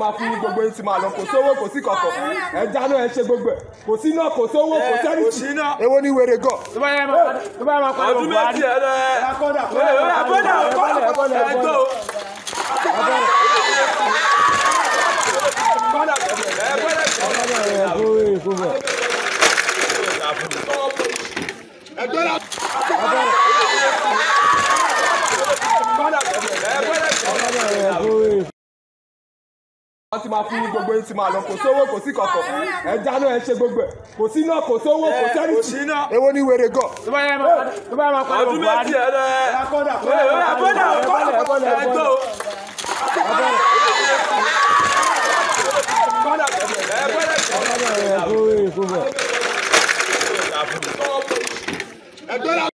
máa fún gbogbo yín ti máa lọ kò sówó kò sí kọ̀kọ̀ ẹ jáná ẹ ṣe gbogbo ẹ kò sí náà kò sówó kò sẹ́ni tì èwo ni wèrè gọ̀. ọdún méjì ẹ lẹ ẹ kọ́dà kọ́dà kọ́dà ẹ gbọ́ ẹgbẹ́ la. wọ́n ti máa fún gbogbo yín ti máa lọ kò sówó kò sí kọ̀kọ̀ ẹ jáná ẹ ṣe gbogbo ẹ̀ kò sí náà kò sówó kò sẹ́ni tì eh, èwo ni wèrè gọ̀. tó bá yẹ máa eh. pa ọdún méjì ẹ lẹ ẹ kọ́dà kọ́dà kọ́dà ẹ gbọ́. ẹgbẹ́ la